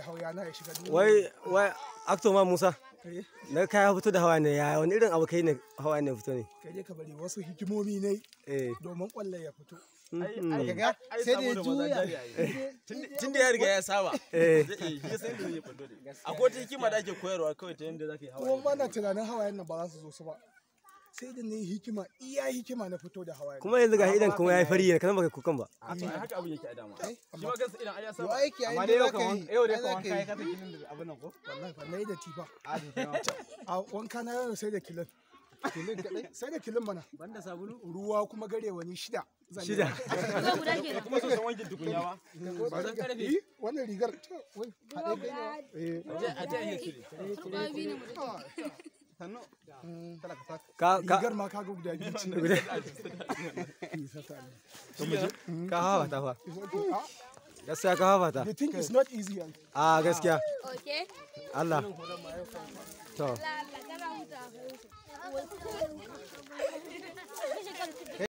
ya hau yana ya shiga duniya wai wai akto ma musa eh? na kaya fito da hawa ne ya wani irin abu kai ne hawa ne fito ne kai dai ka bari wasu hikimomi ne eh. domin kwalle ya fito mm-hmm. sai da ya juya eh. tun da ya riga ya saba a kotu hikima da ake koyarwa kawai ta yadda za ka yi hawa kuma mana tunanin hawayen nan ba za su zo su ba sai da nayi hikima iya hikima na fito da hawaye kuma yanzu ga idan kuma yayi fari kana baka kukan ba a to haka abin yake a dama eh, shi ma kansa idan ai ya saba amma dai yau kaman yau dai kaman kai ka take nan da abin nan ko wallahi ba nayi da ti ba ah, a wanka na yau sai da kilin kilin kadai sai da kilin mana banda sabulu ruwa kuma gare wani shida shida kuma so san wankin tukunya ba ba zan karfe wannan rigar to wai hade kai ne eh a ta yi Sannu. Ka ka. Rigar ma ka gugda biyu ce. Gugda. Ka hawa ta fa. Gaskiya ka hawa ta. The thing is not easy. Ah gaskiya. Okay. Allah. To. Allah.